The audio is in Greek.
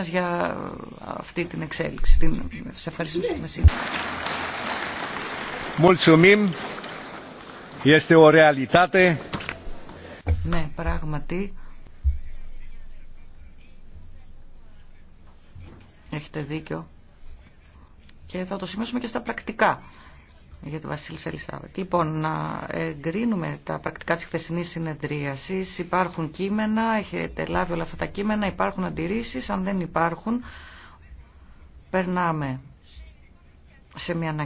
για ε, αυτή την εξέλιξη. Την... Σε ευχαριστούμε που είμαστε σήμερα. Ναι, πράγματι. Έχετε δίκιο. Και θα το σημειώσουμε και στα πρακτικά για τη Βασίλη Σελισάβετ. Λοιπόν, να εγκρίνουμε τα πρακτικά της χθεσινής συνεδρίασης. Υπάρχουν κείμενα, έχετε λάβει όλα αυτά τα κείμενα, υπάρχουν αντιρρήσεις. Αν δεν υπάρχουν, περνάμε σε μια ανακοίνωση.